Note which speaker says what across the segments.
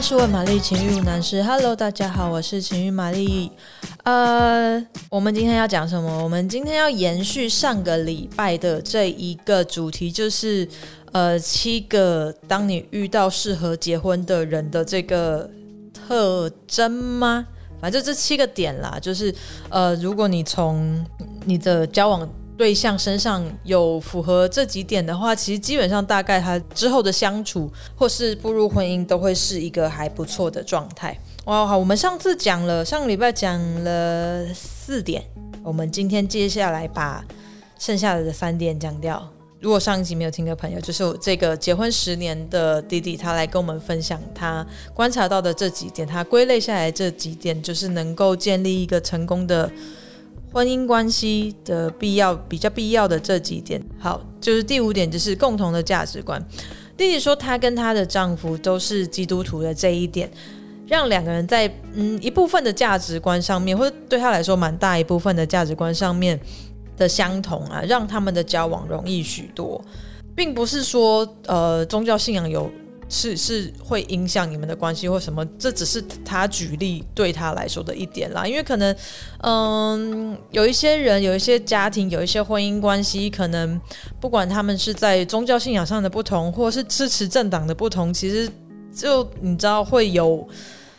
Speaker 1: 是問瑪麗，情慾男士，Hello，大家好，我是情慾瑪麗。呃、uh，我們今天要講什麼？我們今天要延續上個禮拜的這一個主題，就是呃，七個當你遇到適合結婚的人的這個特徵嗎？反正這七個點啦，就是呃，如果你從你的交往。對象身上有符合這幾點的話，其實基本上大概他之後的相處或是步入婚姻都會是一個還不錯的狀態。哇，好，我們上次講了，上個禮拜講了四點，我們今天接下來把剩下的三點講掉。如果上一集沒有聽過的朋友，就是這個結婚十年的弟弟，他來跟我們分享他觀察到的這幾點，他歸類下來這幾點，就是能夠建立一個成功的。婚姻關係的必要比較必要的這幾點，好，就是第五點，就是共同的價值觀。例如說，她跟她的丈夫都是基督徒的這一點，讓兩個人在嗯一部分的價值觀上面，或者對他來說蠻大一部分的價值觀上面的相同啊，讓他們的交往容易許多，並不是說呃宗教信仰有是，是會影響你們的關係或什麼？這只是他舉例，對他來說的一點啦。因為可能，嗯，有一些人，有一些家庭，有一些婚姻關係，可能不管他們是在宗教信仰上的不同，或是支持政黨的不同，其實就你知道，會有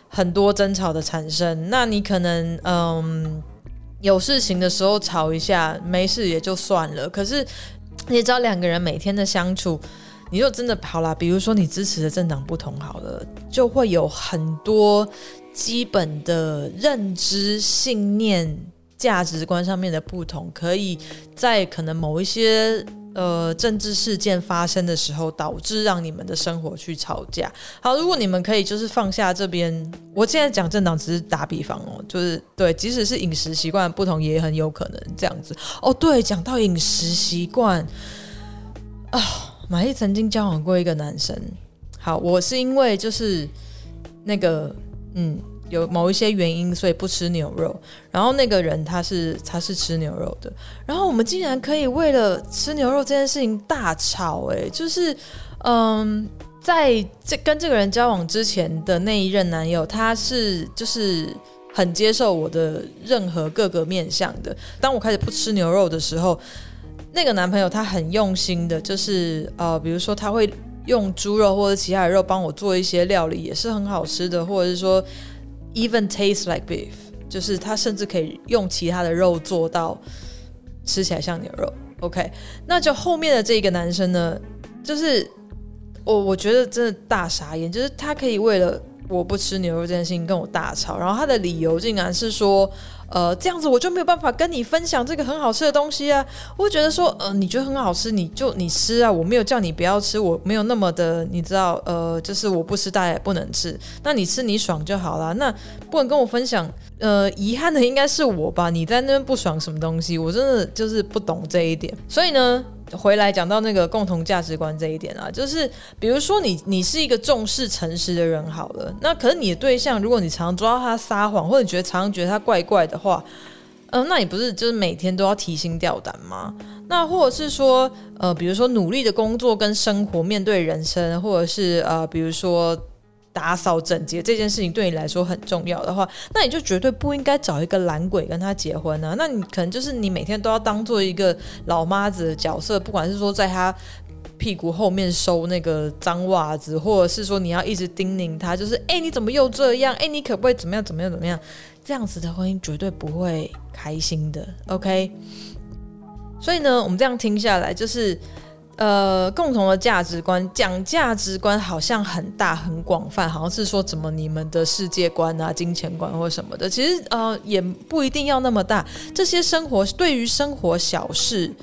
Speaker 1: 很多爭吵的產生。那你可能，嗯，有事情的時候吵一下，沒事也就算了。可是你知道，兩個人每天的相處。你就真的好啦，比如說你支持的政黨不同好了，就會有很多基本的認知、信念、價值觀上面的不同，可以在可能某一些呃政治事件發生的時候，導致讓你們的生活去吵架。好，如果你們可以就是放下這邊，我現在講政黨只是打比方哦，就是對，即使是飲食習慣不同，也很有可能這樣子。哦，對，講到飲食習慣啊。呃瑪麗曾經交往過一個男生。好，我是因為就是那個嗯，有某一些原因，所以不吃牛肉。然後那個人他是他是吃牛肉的。然後我們竟然可以為了吃牛肉這件事情大吵誒、欸，就是嗯，在這跟這個人交往之前的那一任男友，他是就是很接受我的任何各個面向的。當我開始不吃牛肉的時候。那個男朋友他很用心的，就是呃，比如說他會用豬肉或者其他的肉幫我做一些料理，也是很好吃的，或者是說 even taste like beef，就是他甚至可以用其他的肉做到吃起來像牛肉。OK，那就後面的這一個男生呢，就是我我覺得真的大傻眼，就是他可以為了。我不吃牛肉這件事情跟我大吵，然後他的理由竟然是說，呃，這樣子我就沒有辦法跟你分享這個很好吃的東西啊。我就覺得說，呃，你覺得很好吃，你就你吃啊，我沒有叫你不要吃，我沒有那麼的，你知道，呃，就是我不吃，大家也不能吃，那你吃你爽就好了，那不能跟我分享。呃，遺憾的應該是我吧，你在那邊不爽什麼東西，我真的就是不懂這一點，所以呢。回來講到那個共同價值觀這一點啊，就是比如說你你是一個重視誠實的人好了，那可是你的對象，如果你常常抓到他撒謊，或者你覺得常常覺得他怪怪的話，嗯、呃，那你不是就是每天都要提心吊膽嗎？那或者是說，呃，比如說努力的工作跟生活，面對人生，或者是呃，比如說。打掃整潔這件事情對你來說很重要的話，那你就絕對不應該找一個懶鬼跟他結婚呢，啊。那你可能就是你每天都要當做一個老媽子的角色，不管是說在他屁股後面收那個髒襪子，或者是說你要一直叮嚀他，就是誒你怎麼又這樣？誒你可不可以怎麼樣怎麼樣怎麼樣？這樣子的婚姻絕對不會開心的。OK，所以呢，我們這樣聽下來就是。呃，共同的價值觀，講價值觀好像很大很廣泛，好像是說怎麼你們的世界觀啊、金錢觀或什麼的。其實呃，也不一定要那麼大，這些生活對於生活小事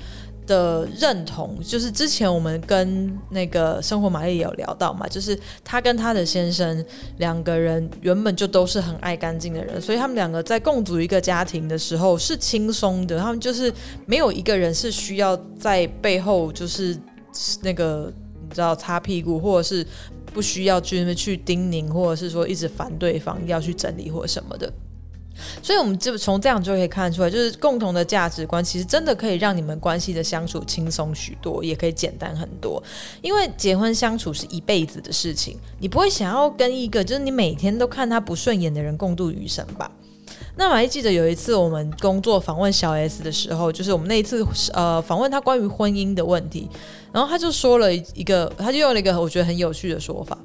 Speaker 1: 的認同，就是之前我們跟那個生活瑪麗也有聊到嘛，就是她跟她的先生兩個人原本就都是很愛乾淨的人，所以他們兩個在共組一個家庭的時候是輕鬆的，他們就是沒有一個人是需要在背後就是那個你知道擦屁股，或者是不需要去去叮嚀，或者是說一直煩對方要去整理或什麼的。所以，我們就從這樣就可以看出來，就是共同的價值觀，其實真的可以讓你們關係的相處輕鬆許多，也可以簡單很多。因為結婚相處是一輩子的事情，你不會想要跟一個就是你每天都看他不順眼的人共度餘生吧？那我還記得有一次我們工作訪問小 S 的時候，就是我們那一次呃訪問他關於婚姻的問題，然後他就說了一個，他就用了一個我覺得很有趣的說法。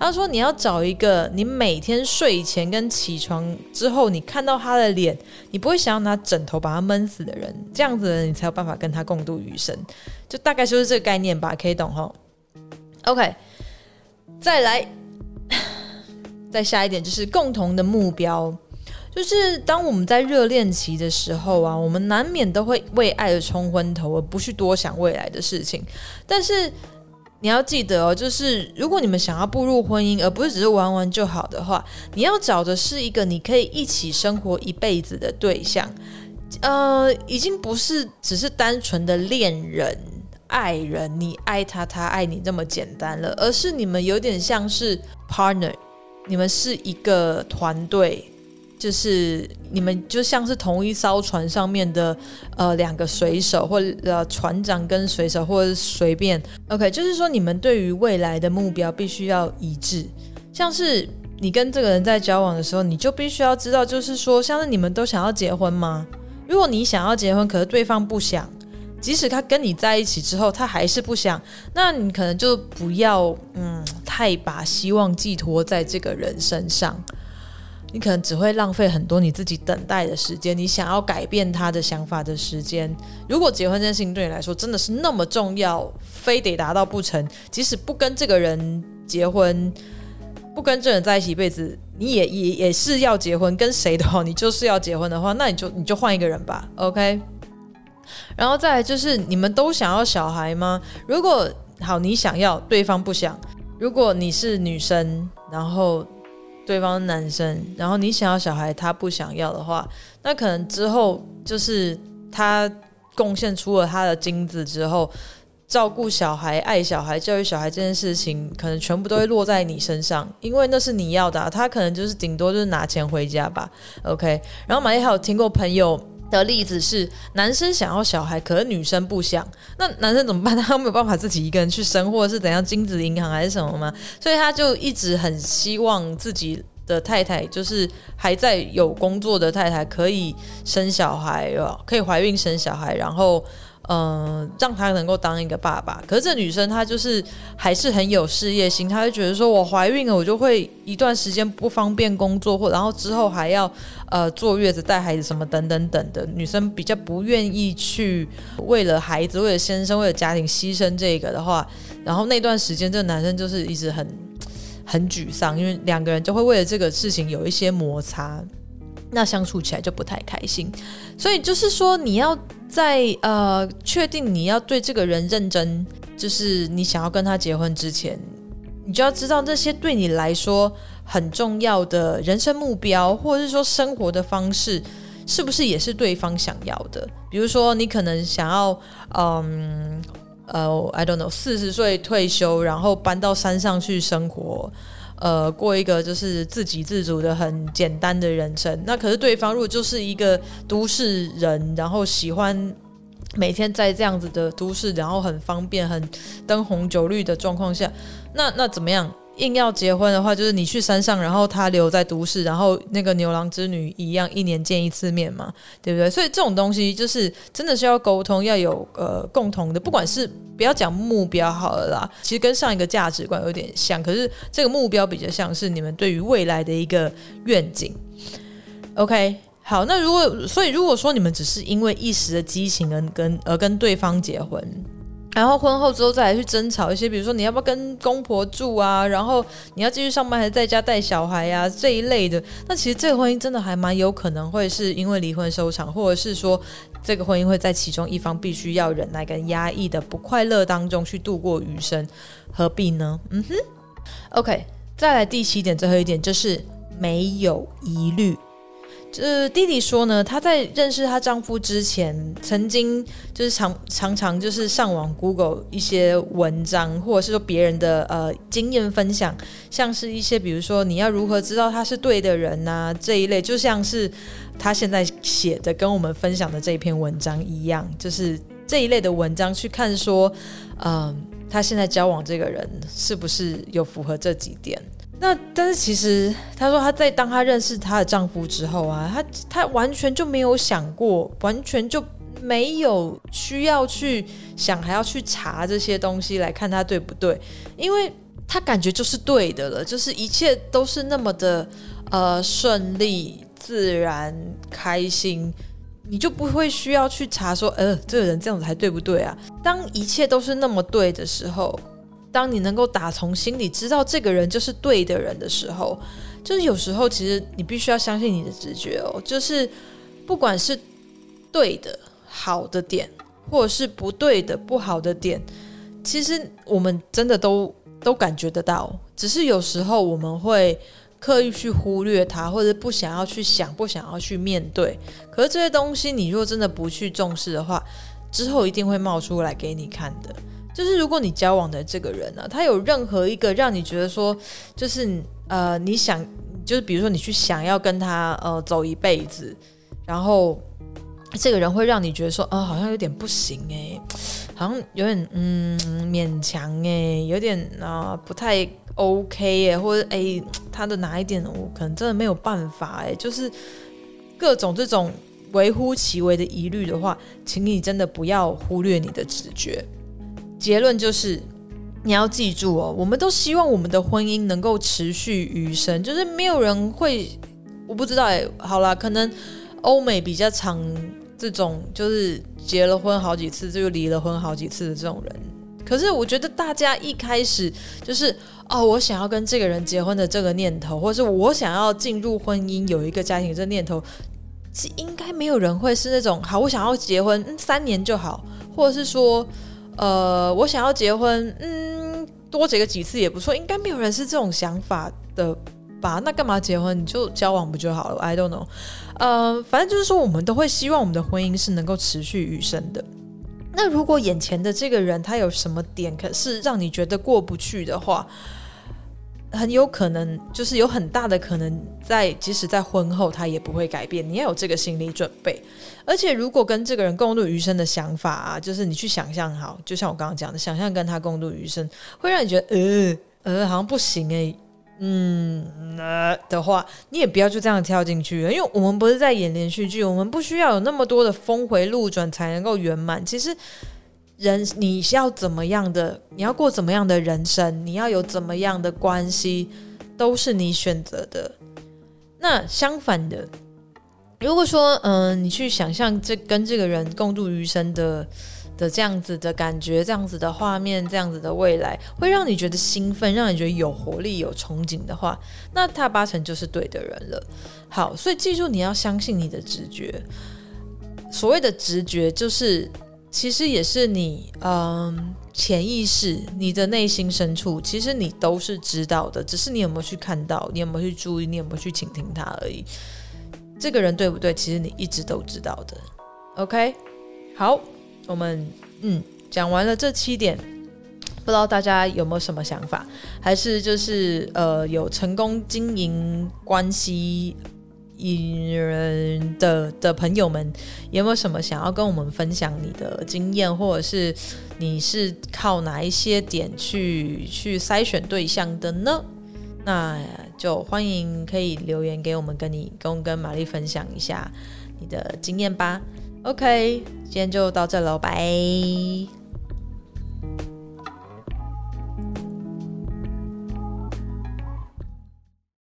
Speaker 1: 他說：“你要找一個你每天睡前跟起床之後，你看到他的臉，你不會想要拿枕頭把他悶死的人，這樣子的人，你才有辦法跟他共度餘生。就大概就是這個概念吧，可以懂哈？OK，再來，再下一點就是共同的目標。就是當我們在熱戀期的時候啊，我們難免都會為愛而衝昏頭，而不去多想未來的事情，但是。”你要記得哦，就是如果你們想要步入婚姻，而不是只是玩玩就好的話，你要找的是一個你可以一起生活一輩子的對象。呃，已經不是只是單純的戀人、愛人，你愛他，他愛你這麼簡單了，而是你們有點像是 partner，你們是一個團隊。就是你們就像是同一艘船上面的呃兩個水手，或呃船長跟水手，或者是隨便 OK，就是說你們對於未來的目標必須要一致。像是你跟這個人在交往的時候，你就必須要知道，就是說像是你們都想要結婚嗎？如果你想要結婚，可是對方不想，即使他跟你在一起之後，他還是不想，那你可能就不要嗯太把希望寄托在這個人身上。你可能只會浪費很多你自己等待的時間，你想要改變他的想法的時間。如果結婚這件事情對你來說真的是那麼重要，非得達到不成，即使不跟這個人結婚，不跟這個人在一起一輩子，你也也，也是要結婚，跟誰的話你就是要結婚的話，那你就你就換一個人吧，OK。然後再來就是你們都想要小孩嗎？如果好，你想要，對方不想。如果你是女生，然後。對方的男生，然後你想要小孩，他不想要的話，那可能之後就是他貢獻出了他的精子之後，照顧小孩、愛小孩、教育小孩這件事情，可能全部都會落在你身上，因為那是你要的啊，他可能就是頂多就是拿錢回家吧。OK，然後瑪麗還有聽過朋友。的例子是，男生想要小孩，可是女生不想，那男生怎麼辦？他沒有辦法自己一個人去生，或者是怎樣精子銀行還是什麼嗎？所以他就一直很希望自己的太太，就是還在有工作的太太，可以生小孩，可以懷孕生小孩，然後。嗯、呃，讓他能夠當一個爸爸。可是這女生她就是還是很有事業心，她就覺得說，我懷孕了，我就會一段時間不方便工作，或然後之後還要呃坐月子帶孩子什麼等等等等的。女生比較不願意去為了孩子，為了先生，為了家庭犧牲這個的話，然後那段時間這個男生就是一直很很沮喪，因為兩個人就會為了這個事情有一些摩擦。那相處起來就不太開心，所以就是說，你要在呃確定你要對這個人認真，就是你想要跟他結婚之前，你就要知道這些對你來說很重要的人生目標，或者是說生活的方式，是不是也是對方想要的？比如說，你可能想要，嗯、呃，呃，I don't know，四十歲退休，然後搬到山上去生活。呃，過一個就是自給自足的很簡單的人生。那可是對方如果就是一個都市人，然後喜歡每天在這樣子的都市，然後很方便、很燈紅酒綠的狀況下，那那怎麼樣？硬要結婚的話，就是你去山上，然後他留在都市，然後那個牛郎織女一樣，一年見一次面嘛，對不對？所以這種東西就是真的是要溝通，要有呃共同的，不管是不要講目標好了啦，其實跟上一個價值觀有點像，可是這個目標比較像是你們對於未來的一個願景。OK，好，那如果所以如果說你們只是因為一時的激情而跟跟而跟對方結婚。然後婚後之後再來去爭吵一些，比如說你要不要跟公婆住啊，然後你要繼續上班還是在家帶小孩呀、啊、這一類的，那其實這個婚姻真的還蠻有可能會是因為離婚收場，或者是說這個婚姻會在其中一方必須要忍耐跟壓抑的不快樂當中去度過餘生，何必呢？嗯哼，OK，再來第七點，最後一點就是沒有疑慮。這弟弟說呢，他在認識她丈夫之前，曾經就是常常常就是上網 Google 一些文章，或者是說別人的呃經驗分享，像是一些比如說你要如何知道他是對的人吶、啊、這一類，就像是他現在寫的跟我們分享的這篇文章一樣，就是這一類的文章去看說，嗯、呃，他現在交往這個人是不是有符合這幾點。那但是其實她說她在當她認識她的丈夫之後啊，她她完全就沒有想過，完全就沒有需要去想還要去查這些東西來看他對不對，因為他感覺就是對的了，就是一切都是那麼的呃順利、自然、開心，你就不會需要去查說呃這個人這樣子還對不對啊？當一切都是那麼對的時候。當你能夠打從心裡知道這個人就是對的人的時候，就是有時候其實你必須要相信你的直覺哦。就是不管是對的好的點，或者是不對的不好的點，其實我們真的都都感覺得到。只是有時候我們會刻意去忽略它，或者不想要去想，不想要去面對。可是這些東西，你如果真的不去重視的話，之後一定會冒出來給你看的。就是如果你交往的這個人呢，啊，他有任何一個讓你覺得說，就是呃，你想，就是比如說你去想要跟他呃走一輩子，然後這個人會讓你覺得說，啊，呃，好像有點不行誒、欸，好像有點嗯勉強誒、欸，有點啊、呃、不太 OK 誒、欸，或者哎、欸，他的哪一點我可能真的沒有辦法誒、欸，就是各種這種微乎其微的疑慮的話，請你真的不要忽略你的直覺。結論就是，你要記住哦，我們都希望我們的婚姻能夠持續餘生，就是沒有人會，我不知道欸，好啦，可能歐美比較常這種，就是結了婚好幾次，就離了婚好幾次的這種人。可是我覺得大家一開始就是哦，我想要跟這個人結婚的這個念頭，或者是我想要進入婚姻有一個家庭這個念頭，是應該沒有人會是那種，好，我想要結婚，嗯，三年就好，或者是說。呃，我想要結婚，嗯，多結個幾次也不錯，應該沒有人是這種想法的吧？那幹嘛結婚？你就交往不就好了？I don't know。呃，反正就是說，我們都會希望我們的婚姻是能夠持續餘生的。那如果眼前的這個人他有什麼點，可是讓你覺得過不去的話，很有可能，就是有很大的可能，在即使在婚後，他也不會改變。你要有這個心理準備。而且，如果跟這個人共度餘生的想法啊，就是你去想象好，就像我剛剛講的，想象跟他共度餘生，會讓你覺得呃呃好像不行誒、欸。嗯呃，的話，你也不要就這樣跳進去，因為我們不是在演連續劇，我們不需要有那麼多的峰回路轉才能夠圓滿。其實。人，你要怎麼樣的？你要過怎麼樣的人生？你要有怎麼樣的關係？都是你選擇的。那相反的，如果說，嗯，你去想象這跟這個人共度餘生的的這樣子的感覺，這樣子的畫面，這樣子的未來，會讓你覺得興奮，讓你覺得有活力、有憧憬的話，那他八成就是對的人了。好，所以記住，你要相信你的直覺。所謂的直覺，就是，其實也是你，嗯，潛意識，你的內心深處，其實你都是知道的，只是你有沒有去看到，你有沒有去注意，你有沒有去傾聽他而已。這個人對不對？其實你一直都知道的。OK，好，我們嗯講完了這七點，不知道大家有沒有什麼想法？還是就是呃，有成功經營關係？女人的的朋友們，有沒有什麼想要跟我們分享你的經驗，或者是你是靠哪一些點去去篩選對象的呢？那就歡迎可以留言給我們跟，跟你跟跟瑪麗分享一下你的經驗吧。OK，今天就到這了，拜。